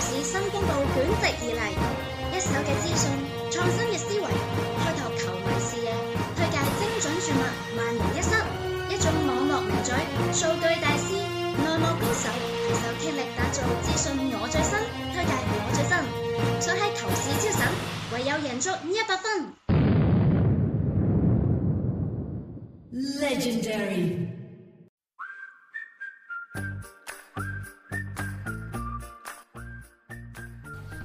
是新風暴卷席而嚟，一手嘅資訊，創新嘅思維，開拓球迷視野，推介精準注物，萬無一失。一種網絡名嘴、數據大師，內幕高手，攜手傾力打造資訊我最新，推介我最新。想喺投市超神，唯有贏足一百分。Legendary。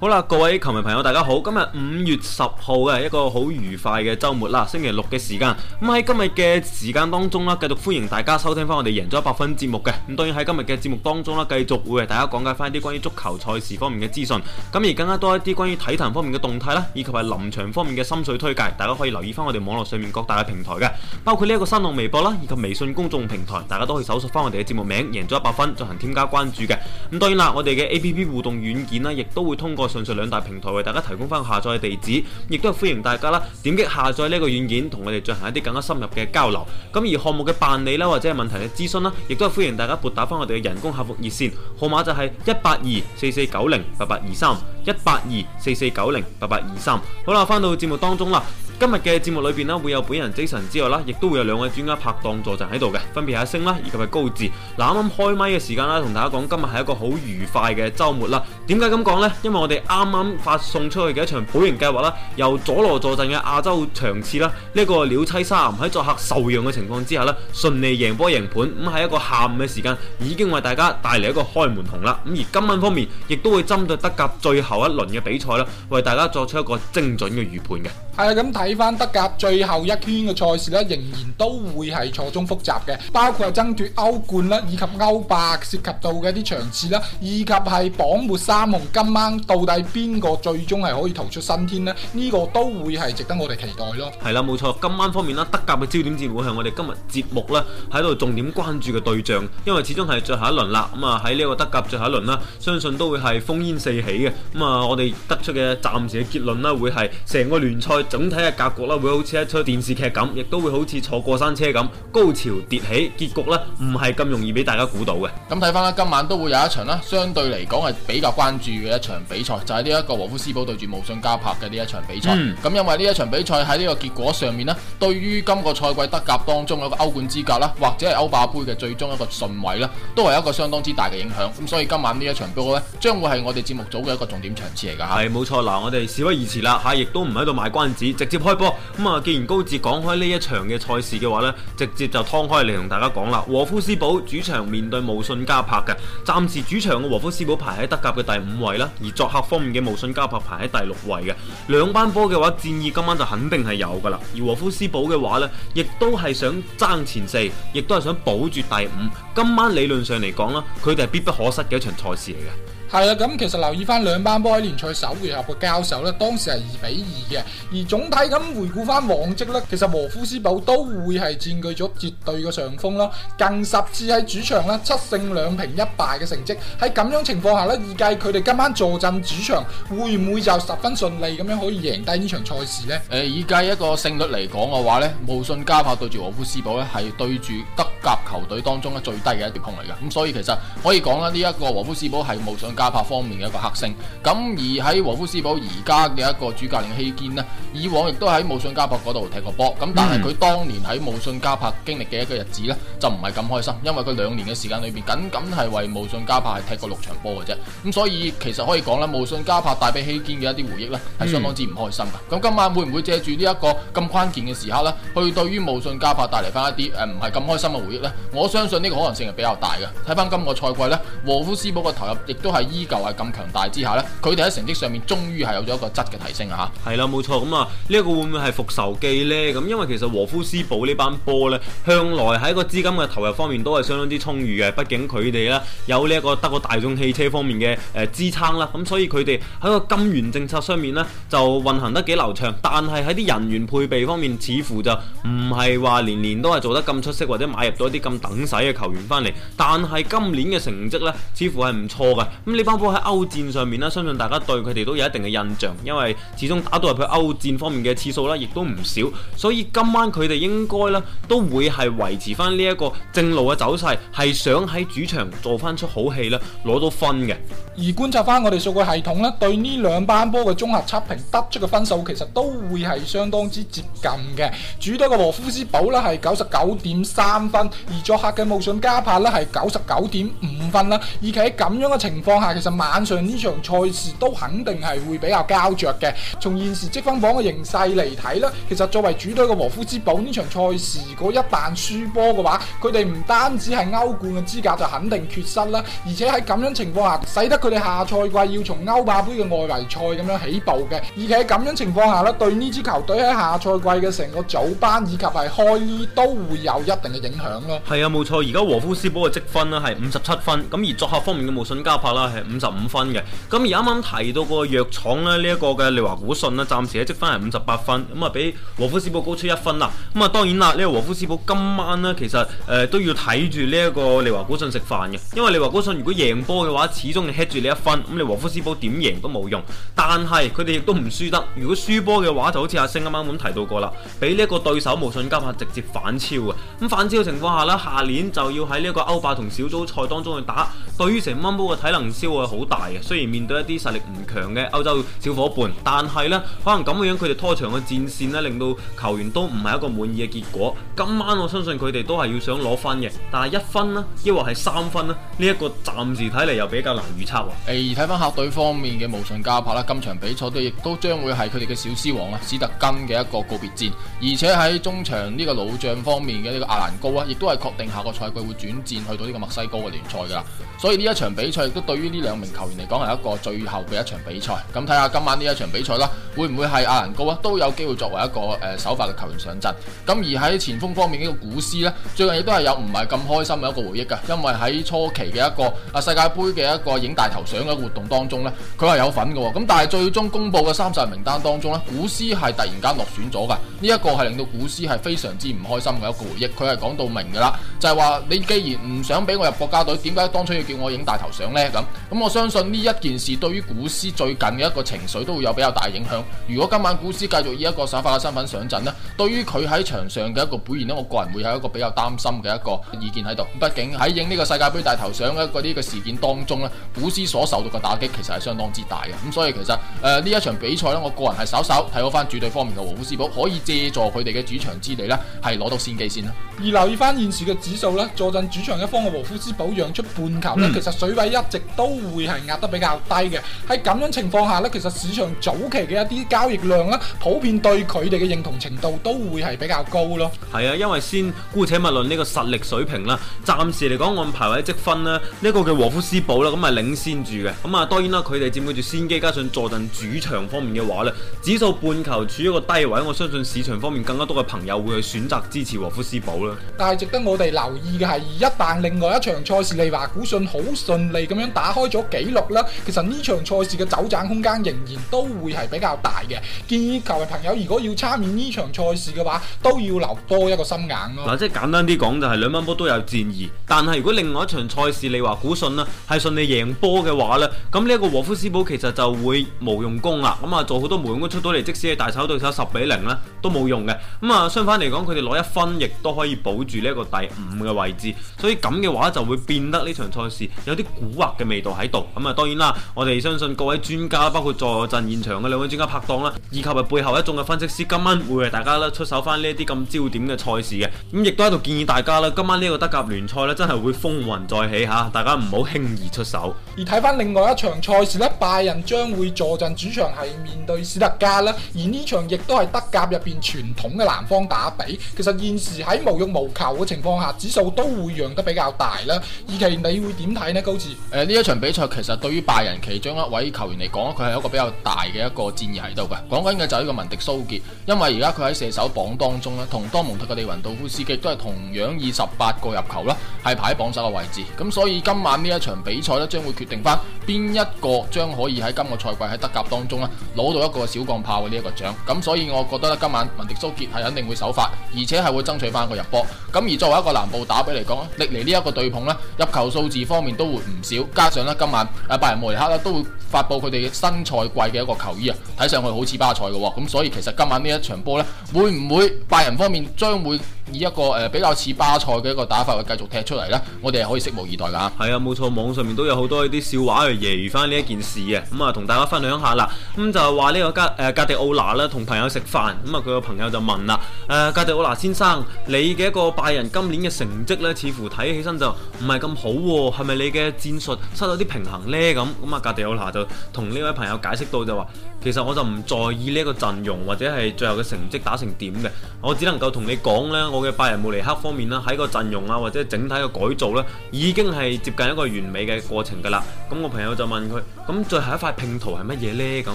好啦，各位球迷朋友，大家好！今日五月十號嘅一個好愉快嘅周末啦，星期六嘅時間。咁喺今日嘅時間當中啦，繼續歡迎大家收聽翻我哋贏咗一百分節目嘅。咁當然喺今日嘅節目當中啦，繼續會為大家講解翻一啲關於足球賽事方面嘅資訊，咁而更加多一啲關於體壇方面嘅動態啦，以及係臨場方面嘅心水推介，大家可以留意翻我哋網絡上面各大嘅平台嘅，包括呢一個新浪微博啦，以及微信公眾平台，大家都可以搜索翻我哋嘅節目名贏咗一百分進行添加關注嘅。咁當然啦，我哋嘅 A P P 互動軟件啦，亦都會通過。純粹兩大平台為大家提供翻下載嘅地址，亦都係歡迎大家啦，點擊下載呢一個軟件，同我哋進行一啲更加深入嘅交流。咁而項目嘅辦理啦，或者係問題嘅諮詢啦，亦都係歡迎大家撥打翻我哋嘅人工客服熱線號碼，就係一八二四四九零八八二三，一八二四四九零八八二三。好啦，翻到節目當中啦。今日嘅節目裏邊啦，會有本人 Jason 之外啦，亦都會有兩位專家拍檔坐陣喺度嘅，分別係星啦以及係高智。嗱，啱啱開麥嘅時間啦，同大家講今日係一個好愉快嘅周末啦。點解咁講呢？因為我哋啱啱發送出去嘅一場普盈計劃啦，由佐羅坐陣嘅亞洲場次啦，呢、這個鳥棲沙岩喺作客受讓嘅情況之下順利贏波贏盤，咁係一個下午嘅時間已經為大家帶嚟一個開門紅啦。咁而今晚方面亦都會針對德甲最後一輪嘅比賽啦，為大家作出一個精準嘅預判嘅。係啊，咁睇翻德甲最後一圈嘅賽事咧，仍然都會係錯綜複雜嘅，包括係爭奪歐冠啦，以及歐霸涉及到嘅一啲場次啦，以及係榜末三望，今晚到底邊個最終係可以逃出生天呢？呢、呢個都會係值得我哋期待咯。係啦，冇錯，今晚方面啦，德甲嘅焦點戰會係我哋今日節目咧喺度重點關注嘅對象，因為始終係最後一輪啦。咁啊喺呢個德甲最後一輪啦，相信都會係烽煙四起嘅。咁啊，我哋得出嘅暫時嘅結論啦，會係成個聯賽整體格局咧會好似一出電視劇咁，亦都會好似坐過山車咁，高潮迭起，結局呢唔係咁容易俾大家估到嘅。咁睇翻啦，今晚都會有一場啦，相對嚟講係比較關注嘅一場比賽，就係呢一個和夫斯堡對住慕遜加柏嘅呢一場比賽。咁、嗯、因為呢一場比賽喺呢個結果上面呢，對於今個賽季德甲當中一個歐冠資格啦，或者係歐霸杯嘅最終一個順位啦，都係一個相當之大嘅影響。咁所以今晚呢一場比賽呢，將會係我哋節目組嘅一個重點場次嚟噶。係，冇錯嗱，我哋事不宜遲啦，吓亦都唔喺度賣關子，直接。開波咁啊！既然高志講開呢一場嘅賽事嘅話呢，直接就攤開嚟，同大家講啦。沃夫斯堡主場面對慕遜加柏嘅，暫時主場嘅沃夫斯堡排喺德甲嘅第五位啦，而作客方面嘅慕遜加柏排喺第六位嘅。兩班波嘅話，戰意今晚就肯定係有噶啦。而沃夫斯堡嘅話呢，亦都係想爭前四，亦都係想保住第五。今晚理論上嚟講啦，佢哋係必不可失嘅一場賽事嚟嘅。係啊，咁其實留意翻兩班波喺聯賽首回合嘅交手咧，當時係二比二嘅。而總體咁回顧翻往績咧，其實和夫斯堡都會係佔據咗絕對嘅上風咯。近十次喺主場咧七勝兩平一敗嘅成績。喺咁樣情況下呢，預計佢哋今晚坐鎮主場會唔會就十分順利咁樣可以贏低呢場賽事呢？誒、呃，以計一個勝率嚟講嘅話呢，慕遜加柏對住和夫斯堡咧係對住德甲球隊當中咧最低嘅一隊控嚟嘅。咁所以其實可以講啦，呢一個和夫斯堡係冇想。加柏方面嘅一個黑星，咁而喺和夫斯堡而家嘅一個主教練希堅呢，以往亦都喺無信加柏嗰度踢過波，咁但係佢當年喺無信加柏經歷嘅一個日子呢，就唔係咁開心，因為佢兩年嘅時間裏邊，僅僅係為無信加柏係踢過六場波嘅啫，咁所以其實可以講咧，無信加柏帶俾希堅嘅一啲回憶呢，係相當之唔開心噶。咁今晚會唔會借住呢一個咁關鍵嘅時刻呢，去對於無信加柏帶嚟翻一啲誒唔係咁開心嘅回憶呢？我相信呢個可能性係比較大嘅。睇翻今個賽季呢，和夫斯堡嘅投入亦都係。依舊係咁強大之下呢，佢哋喺成績上面終於係有咗一個質嘅提升啊！嚇，係啦，冇錯，咁啊，呢、這、一個會唔會係復仇記呢？咁因為其實和夫斯堡呢班波呢，向來喺個資金嘅投入方面都係相當之充裕嘅，畢竟佢哋呢，有呢一個德國大眾汽車方面嘅誒、呃、支撐啦，咁所以佢哋喺個金元政策上面呢，就運行得幾流暢。但係喺啲人員配備方面，似乎就唔係話年年都係做得咁出色，或者買入到一啲咁等使嘅球員翻嚟。但係今年嘅成績呢，似乎係唔錯嘅。呢班波喺歐戰上面咧，相信大家對佢哋都有一定嘅印象，因為始終打到入去歐戰方面嘅次數咧，亦都唔少，所以今晚佢哋應該咧都會係維持翻呢一個正路嘅走勢，係想喺主場做翻出好戲啦，攞到分嘅。而觀察翻我哋數據系統咧，對呢兩班波嘅綜合測評得出嘅分數，其實都會係相當之接近嘅。主隊嘅和夫斯堡啦，係九十九點三分，而作客嘅慕遜加帕啦，係九十九點五分啦。而喺咁樣嘅情況。但其實晚上呢場賽事都肯定係會比較膠着嘅。從現時積分榜嘅形勢嚟睇啦，其實作為主隊嘅和夫斯堡呢場賽事，如果一旦輸波嘅話，佢哋唔單止係歐冠嘅資格就肯定缺失啦，而且喺咁樣的情況下，使得佢哋下賽季要從歐霸杯嘅外圍賽咁樣起步嘅。而且喺咁樣的情況下呢，對呢支球隊喺下賽季嘅成個組班以及係開都會有一定嘅影響咯。係啊，冇錯。而家和夫斯堡嘅積分呢係五十七分，咁而作客方面嘅慕遜加柏啦。是係五十五分嘅，咁而啱啱提到藥廠，這個藥廠咧，呢一個嘅利華古信呢，暫時咧積分係五十八分，咁啊比和夫斯堡高出一分啦。咁啊當然啦，呢、這個和夫斯堡今晚呢，其實誒、呃、都要睇住呢一個利華古信食飯嘅，因為利華古信如果贏波嘅話，始終係吃住呢一分，咁你和夫斯堡點贏都冇用，但係佢哋亦都唔輸得，如果輸波嘅話，就好似阿星啱啱咁提到過啦，俾呢一個對手慕遜加柏直接反超啊。咁反超嘅情況下呢，下年就要喺呢一個歐霸同小組賽當中去打。對於成班波嘅體能機會好大嘅，雖然面對一啲實力唔強嘅歐洲小夥伴，但係呢，可能咁嘅樣，佢哋拖長嘅戰線呢，令到球員都唔係一個滿意嘅結果。今晚我相信佢哋都係要想攞分嘅，但係一分呢，抑或係三分呢，呢、這、一個暫時睇嚟，又比較難預測喎、啊。誒，睇翻客隊方面嘅慕遜加柏啦，今場比賽都亦都將會係佢哋嘅小獅王啊，史特根嘅一個告別戰，而且喺中場呢個老將方面嘅呢個阿蘭高啊，亦都係確定下個賽季會，會轉戰去到呢個墨西哥嘅聯賽噶啦，所以呢一場比賽亦都對於呢兩名球員嚟講係一個最後嘅一場比賽，咁睇下今晚呢一場比賽啦，會唔會係阿蘭高啊都有機會作為一個誒首發嘅球員上陣。咁而喺前鋒方面，呢、這個古斯呢，最近亦都係有唔係咁開心嘅一個回憶㗎，因為喺初期嘅一個啊世界盃嘅一個影大頭相嘅活動當中呢，佢係有份㗎喎。咁但係最終公佈嘅三十人名單當中呢，古斯係突然間落選咗㗎。呢、這、一個係令到古斯係非常之唔開心嘅一個回憶。佢係講到明㗎啦，就係、是、話你既然唔想俾我入國家隊，點解當初要叫我影大頭相呢？」咁？咁我相信呢一件事對於古斯最近嘅一個情緒都會有比較大影響。如果今晚古斯繼續以一個首發嘅身份上陣呢，對於佢喺場上嘅一個表現呢，我個人會有一個比較擔心嘅一個意見喺度。畢竟喺影呢個世界盃大頭相嘅啲嘅事件當中呢，古斯所受到嘅打擊其實係相當之大嘅。咁所以其實誒呢、呃、一場比賽呢，我個人係稍稍睇好翻主隊方面嘅沃夫斯堡，可以借助佢哋嘅主場之力呢，係攞到先機先啦。而留意翻現時嘅指數呢，坐鎮主場一方嘅和夫斯堡讓出半球呢，其實水位一直都。都會係壓得比較低嘅，喺咁樣情況下呢，其實市場早期嘅一啲交易量呢普遍，對佢哋嘅認同程度都會係比較高咯。係啊，因為先姑且勿論呢個實力水平啦，暫時嚟講按排位積分呢，呢一個嘅和夫斯堡啦，咁啊領先住嘅。咁啊當然啦，佢哋佔據住先機，加上坐陣主場方面嘅話咧，指數半球處於一個低位，我相信市場方面更加多嘅朋友會去選擇支持和夫斯堡啦。但係值得我哋留意嘅係，一旦另外一場賽事利華古信好順利咁樣打開，開咗紀錄啦，其實呢場賽事嘅走盞空間仍然都會係比較大嘅，建議球迷朋友如果要參與呢場賽事嘅話，都要留多一個心眼咯、啊。嗱，即係簡單啲講，就係兩班波都有戰意。但係如果另外一場賽事你話估信啦，係信你贏波嘅話呢，咁呢一個和夫斯堡其實就會無用功啦，咁啊做好多無用功出到嚟，即使你大炒對手十比零咧，都冇用嘅。咁啊相反嚟講，佢哋攞一分亦都可以保住呢一個第五嘅位置，所以咁嘅話就會變得呢場賽事有啲蠱惑嘅味道。喺度咁啊，當然啦，我哋相信各位專家，包括坐陣現場嘅兩位專家拍檔啦，以及係背後一眾嘅分析師，今晚會為大家啦出手翻呢一啲咁焦點嘅賽事嘅。咁亦都喺度建議大家啦，今晚呢個德甲聯賽咧，真係會風雲再起嚇，大家唔好輕易出手。而睇翻另外一場賽事呢，拜仁將會坐陣主場係面對史特加啦，而呢場亦都係德甲入邊傳統嘅南方打比。其實現時喺無欲無求嘅情況下，指數都會讓得比較大啦。以期你會點睇呢？高志？誒呢、呃、一場。比賽其實對於拜仁其中一位球員嚟講，佢係一個比較大嘅一個戰役喺度嘅。講緊嘅就係呢個文迪蘇傑，因為而家佢喺射手榜當中咧，同多蒙特嘅利雲道夫斯基都係同樣以十八個入球啦，係排喺榜首嘅位置。咁所以今晚呢一場比賽咧，將會決定翻。邊一個將可以喺今個賽季喺德甲當中咧攞到一個小鋼炮嘅呢一個獎？咁所以我覺得咧今晚文迪蘇傑係肯定會首發，而且係會爭取翻個入波。咁而作為一個南部打比嚟講咧，歷嚟呢一個對碰呢，入球數字方面都會唔少，加上呢，今晚誒拜仁慕尼黑咧都會發佈佢哋嘅新賽季嘅一個球衣啊，睇上去好似巴塞嘅，哦，咁所以其實今晚呢一場波呢，會唔會拜仁方面將會以一個誒比較似巴塞嘅一個打法去繼續踢出嚟呢？我哋係可以拭目以待噶。係啊，冇錯，網上面都有好多呢啲笑話耶！如翻呢一件事啊，咁啊，同大家分享一下啦。咁就係話呢個格誒格迪奧拿咧，同朋友食飯，咁啊，佢個朋友就問啦，誒、呃，格迪奧拿先生，你嘅一個拜仁今年嘅成績呢，似乎睇起身就唔係咁好喎、啊，係咪你嘅戰術失咗啲平衡呢？咁咁啊，格迪奧拿就同呢位朋友解釋到就話，其實我就唔在意呢一個陣容或者係最後嘅成績打成點嘅，我只能夠同你講呢，我嘅拜仁慕尼黑方面呢，喺個陣容啊或者整體嘅改造呢，已經係接近一個完美嘅過程噶啦。咁我朋友。我就問佢：咁最後一塊拼圖係乜嘢咧？咁。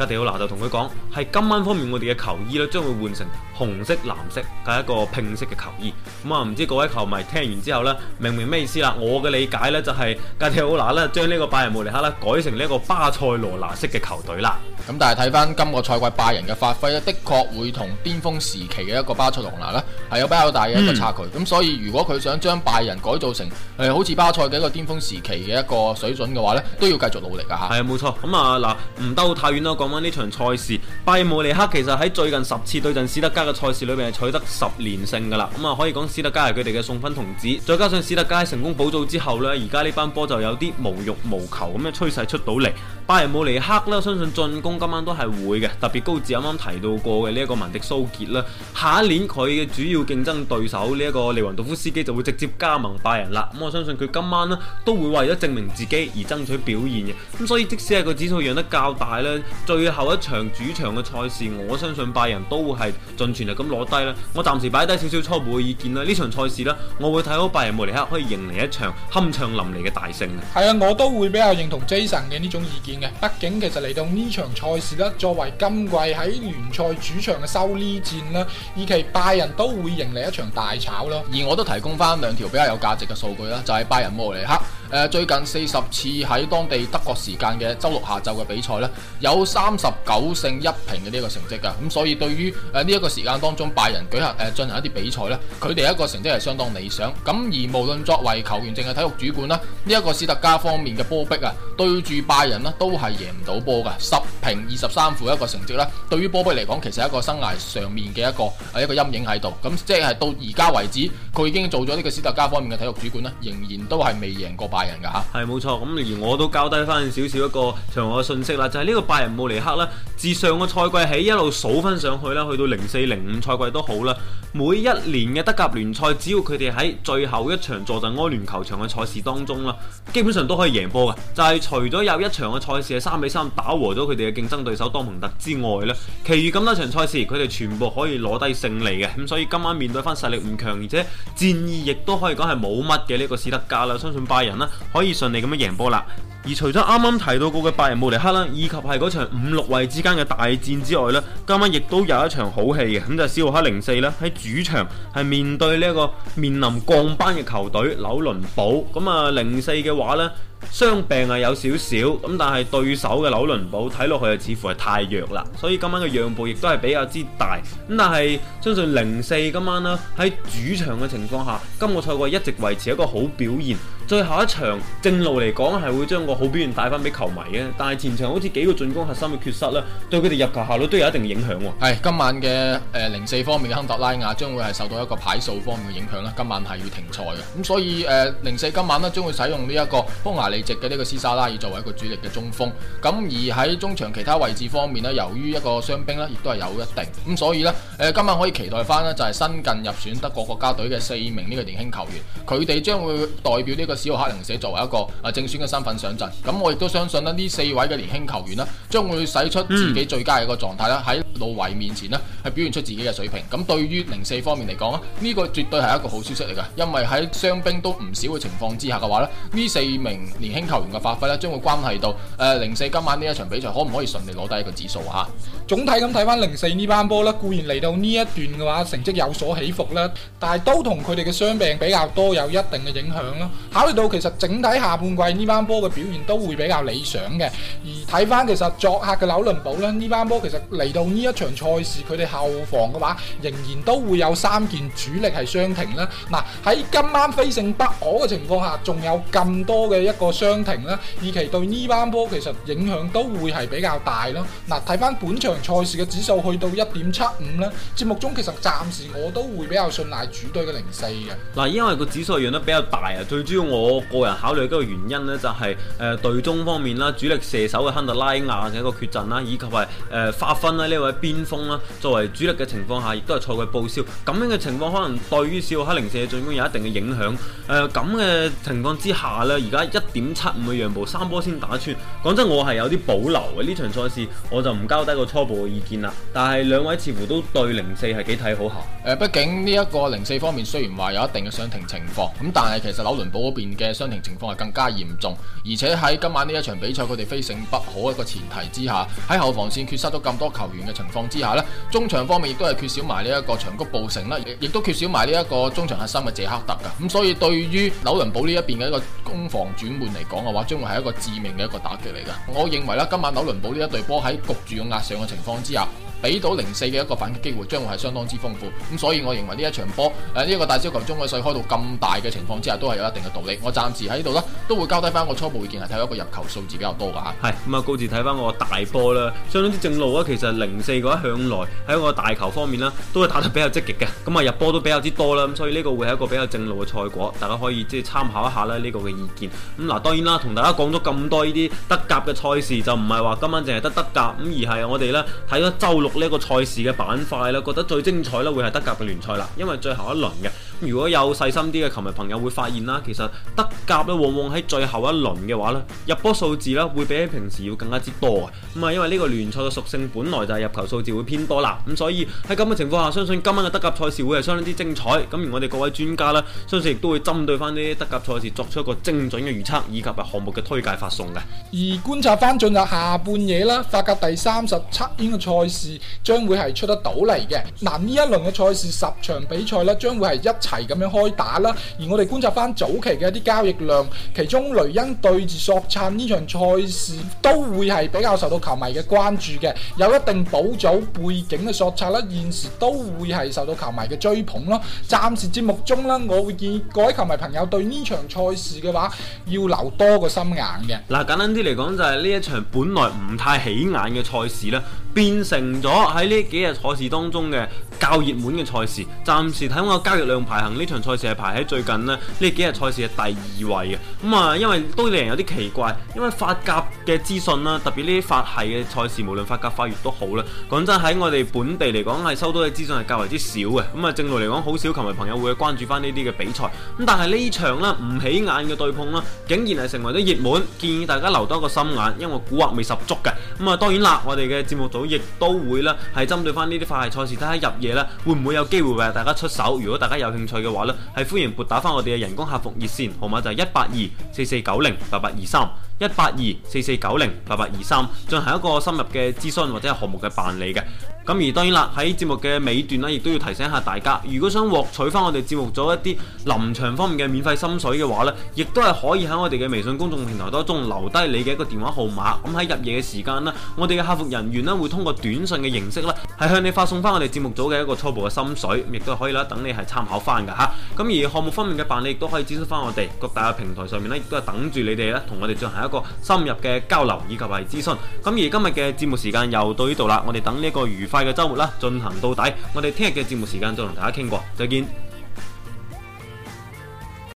格地奧拿就同佢講：係今晚方面，我哋嘅球衣咧將會換成紅色、藍色嘅一個拼色嘅球衣。咁、嗯、啊，唔知各位球迷聽完之後呢，明唔明咩意思啦？我嘅理解呢，就係、是、格地奧拿咧將這個呢個拜仁慕尼黑咧改成呢一個巴塞羅那式嘅球隊啦。咁但係睇翻今個賽季拜仁嘅發揮咧，的確會同巔峰時期嘅一個巴塞羅那咧係有比較大嘅一個差距。咁、嗯、所以如果佢想將拜仁改造成誒好似巴塞嘅一個巔峰時期嘅一個水準嘅話呢都要繼續努力是沒、嗯、啊！嚇。係冇錯。咁啊，嗱，唔兜太遠啦，喺呢場賽事，拜姆尼克其實喺最近十次對陣史特加嘅賽事裏邊係取得十連勝㗎啦，咁啊，可以講史特加係佢哋嘅送分童子。再加上史特加成功保組之後呢，而家呢班波就有啲無欲無求咁嘅趨勢出到嚟。拜仁慕尼黑咧，相信進攻今晚都係會嘅，特別高智啱啱提到過嘅呢一個文迪蘇傑啦。下一年佢嘅主要競爭對手呢一個利雲道夫斯基就會直接加盟拜仁啦。咁我相信佢今晚咧都會為咗證明自己而爭取表現嘅。咁所以即使係個指數讓得較大呢，最後一場主場嘅賽事，我相信拜仁都會係盡全力咁攞低啦。我暫時擺低少少初步嘅意見啦。呢場賽事呢，我會睇好拜仁慕尼黑可以迎嚟一場酣暢淋漓嘅大勝。係啊，我都會比較認同 Jason 嘅呢種意見。畢竟其實嚟到呢場賽事啦，作為今季喺聯賽主場嘅收呢戰啦，預期拜仁都會迎嚟一場大炒咯，而我都提供返兩條比較有價值嘅數據啦，就係、是、拜仁慕尼黑。誒最近四十次喺當地德國時間嘅周六下晝嘅比賽呢，有三十九勝、呃、進行一平嘅呢他們的一個成績㗎，咁所以對於誒呢一個時間當中拜仁舉行誒進行一啲比賽呢，佢哋一個成績係相當理想。咁而無論作為球員定係體育主管啦，呢、這、一個斯特加方面嘅波比啊，對住拜仁啦都係贏唔到波㗎，十平二十三負一個成績呢，對於波比嚟講其實係一個生涯上面嘅一個一個陰影喺度。咁即係到而家為止，佢已經做咗呢個斯特加方面嘅體育主管呢，仍然都係未贏過拜拜仁噶吓，係冇錯，咁而我都交低翻少少一個場外嘅信息啦，就係、是、呢個拜仁慕尼克啦，自上個賽季起一路數翻上去啦，去到零四零五賽季都好啦，每一年嘅德甲聯賽，只要佢哋喺最後一場坐陣安聯球場嘅賽事當中啦，基本上都可以贏波嘅，就係、是、除咗有一場嘅賽事係三比三打和咗佢哋嘅競爭對手多蒙特之外咧，其餘咁多場賽事佢哋全部可以攞低勝利嘅，咁所以今晚面對翻實力唔強而且戰意亦都可以講係冇乜嘅呢個史德加啦，相信拜仁啦。可以順利咁樣贏波啦，而除咗啱啱提到過嘅拜仁慕尼黑啦，以及係嗰場五六位之間嘅大戰之外呢，今晚亦都有一場好戲嘅，咁就係、是、史浩克零四啦，喺主場係面對呢一個面臨降班嘅球隊紐倫堡，咁啊零四嘅話呢。傷病啊有少少咁，但係對手嘅紐倫堡睇落去似乎係太弱啦，所以今晚嘅讓步亦都係比較之大。咁但係相信零四今晚啦，喺主場嘅情況下，今個賽季一直維持一個好表現。最後一場正路嚟講係會將個好表現帶翻俾球迷嘅，但係前場好似幾個進攻核心嘅缺失啦，對佢哋入球效率都有一定影響喎。今晚嘅誒零四方面嘅亨特拉亞將會係受到一個牌數方面嘅影響啦，今晚係要停賽嘅。咁所以誒零四今晚咧將會使用呢、這、一個李直嘅呢個斯沙拉爾作為一個主力嘅中鋒，咁而喺中場其他位置方面呢，由於一個傷兵呢，亦都係有一定咁，所以呢，誒、呃，今晚可以期待翻呢，就係、是、新近入選德國國家隊嘅四名呢個年輕球員，佢哋將會代表呢個小黑人社作為一個啊正選嘅身份上陣。咁我亦都相信呢呢四位嘅年輕球員呢，將會使出自己最佳嘅一個狀態啦，喺路維面前呢，係表現出自己嘅水平。咁對於零四方面嚟講呢、呢個絕對係一個好消息嚟噶，因為喺傷兵都唔少嘅情況之下嘅話呢呢四名年輕球員嘅發揮咧，將會關係到誒零四今晚呢一場比賽，可唔可以順利攞低一個指數吓、啊？總體咁睇翻零四呢班波咧，固然嚟到呢一段嘅話，成績有所起伏啦，但係都同佢哋嘅傷病比較多有一定嘅影響啦。考慮到其實整體下半季呢班波嘅表現都會比較理想嘅，而睇翻其實作客嘅紐倫堡呢，呢班波其實嚟到呢一場賽事，佢哋後防嘅話，仍然都會有三件主力係傷停啦。嗱，啊，喺今晚非勝不可嘅情況下，仲有咁多嘅一個傷停啦，以期對呢班波其實影響都會係比較大咯。嗱，啊，睇翻本場。賽事嘅指數去到一點七五咧，節目中其實暫時我都會比較信賴主隊嘅零四嘅。嗱，因為個指數讓得比較大啊，最主要我個人考慮嘅一個原因咧，就係誒隊中方面啦，主力射手嘅亨特拉亞嘅一個缺陣啦，以及係誒、呃、發分啦呢位邊鋒啦，作為主力嘅情況下，亦都係賽季報銷。咁樣嘅情況可能對於少黑零四嘅進攻有一定嘅影響。誒咁嘅情況之下咧，而家一點七五嘅讓步，三波先打穿。講真，我係有啲保留嘅，呢場賽事，我就唔交低個多部嘅意見啦，但係兩位似乎都對零四係幾睇好下。誒，畢竟呢一個零四方面雖然話有一定嘅傷停情況，咁但係其實紐倫堡嗰邊嘅傷停情況係更加嚴重，而且喺今晚呢一場比賽佢哋非勝不可一個前提之下，喺後防線缺失咗咁多球員嘅情況之下呢，中場方面亦都係缺少埋呢一個長谷部誠啦，亦都缺少埋呢一個中場核心嘅謝克特㗎。咁所以對於紐倫堡呢一邊嘅一個攻防轉換嚟講嘅話，將會係一個致命嘅一個打擊嚟㗎。我認為啦，今晚紐倫堡呢一隊波喺焗住用壓上嘅情況之下，俾到零四嘅一個反擊機會，將會係相當之豐富。咁所以，我認為呢一場波，誒呢一個大細球中位賽開到咁大嘅情況之下，都係有一定嘅道理。我暫時喺呢度咧，都會交低翻我初步意見，係睇到一個入球數字比較多嘅嚇。係咁啊，高志睇翻個大波啦，相當之正路啊。其實零四嗰一向來喺我大球方面咧，都係打得比較積極嘅。咁、嗯、啊入波都比較之多啦。咁所以呢個會係一個比較正路嘅賽果，大家可以即係參考一下啦。呢個嘅意見咁嗱、嗯，當然啦，同大家講咗咁多呢啲德甲嘅賽事，就唔係話今晚淨係得德甲，咁而係我哋咧睇咗周六。呢一個賽事嘅板塊咧，覺得最精彩咧會係德甲嘅聯賽啦，因為最後一輪嘅。如果有細心啲嘅球迷朋友會發現啦，其實德甲咧往往喺最後一輪嘅話咧，入波數字咧會比起平時要更加之多啊！咁啊，因為呢個聯賽嘅屬性本來就係入球數字會偏多啦，咁所以喺咁嘅情況下，相信今晚嘅德甲賽事會係相當之精彩。咁而我哋各位專家呢，相信亦都會針對翻呢啲德甲賽事作出一個精準嘅預測，以及係項目嘅推介發送嘅。而觀察翻進入下半夜啦，法甲第三十七圈嘅賽事將會係出得到嚟嘅。嗱，呢一輪嘅賽事十場比賽呢，將會係一。係咁樣開打啦，而我哋觀察翻早期嘅一啲交易量，其中雷恩對住索策呢場賽事都會係比較受到球迷嘅關注嘅，有一定保組背景嘅索策啦，現時都會係受到球迷嘅追捧咯。暫時節目中啦，我會建議各位球迷朋友對呢場賽事嘅話，要留多個心眼嘅。嗱，簡單啲嚟講就係、是、呢一場本來唔太起眼嘅賽事啦，變成咗喺呢幾日賽事當中嘅較熱門嘅賽事。暫時睇我交易量排。呢場賽事係排喺最近呢幾日賽事嘅第二位嘅，咁、嗯、啊，因為都令人有啲奇怪，因為法甲嘅資訊啦，特別呢啲法系嘅賽事，無論法甲、法乙都好啦。講真喺我哋本地嚟講，係收到嘅資訊係較為之少嘅，咁、嗯、啊，正路嚟講好少球迷朋友會關注翻、嗯、呢啲嘅比賽。咁但係呢場啦，唔起眼嘅對碰啦，竟然係成為咗熱門，建議大家留多一個心眼，因為古惑未十足嘅。咁、嗯、啊，當然啦，我哋嘅節目組亦都會啦，係針對翻呢啲法系賽事睇下入夜啦會唔會有機會為大家出手。如果大家有興趣，嘅話呢，係歡迎撥打翻我哋嘅人工客服熱線號碼，就係一八二四四九零八八二三。一八二四四九零八八二三進行一個深入嘅諮詢或者係項目嘅辦理嘅。咁而當然啦，喺節目嘅尾段呢，亦都要提醒下大家，如果想獲取翻我哋節目組一啲臨場方面嘅免費心水嘅話呢，亦都係可以喺我哋嘅微信公眾平台當中留低你嘅一個電話號碼。咁喺入夜嘅時間啦，我哋嘅客服人員呢，會通過短信嘅形式啦，係向你發送翻我哋節目組嘅一個初步嘅心水，亦都可以啦，等你係參考翻㗎吓。咁而項目方面嘅辦理亦都可以諮詢翻我哋各大嘅平台上面咧，亦都係等住你哋咧，同我哋進行一。個深入嘅交流以及係諮詢。咁而今日嘅節目時間又到呢度啦，我哋等呢個愉快嘅周末啦進行到底，我哋聽日嘅節目時間再同大家傾過，再見。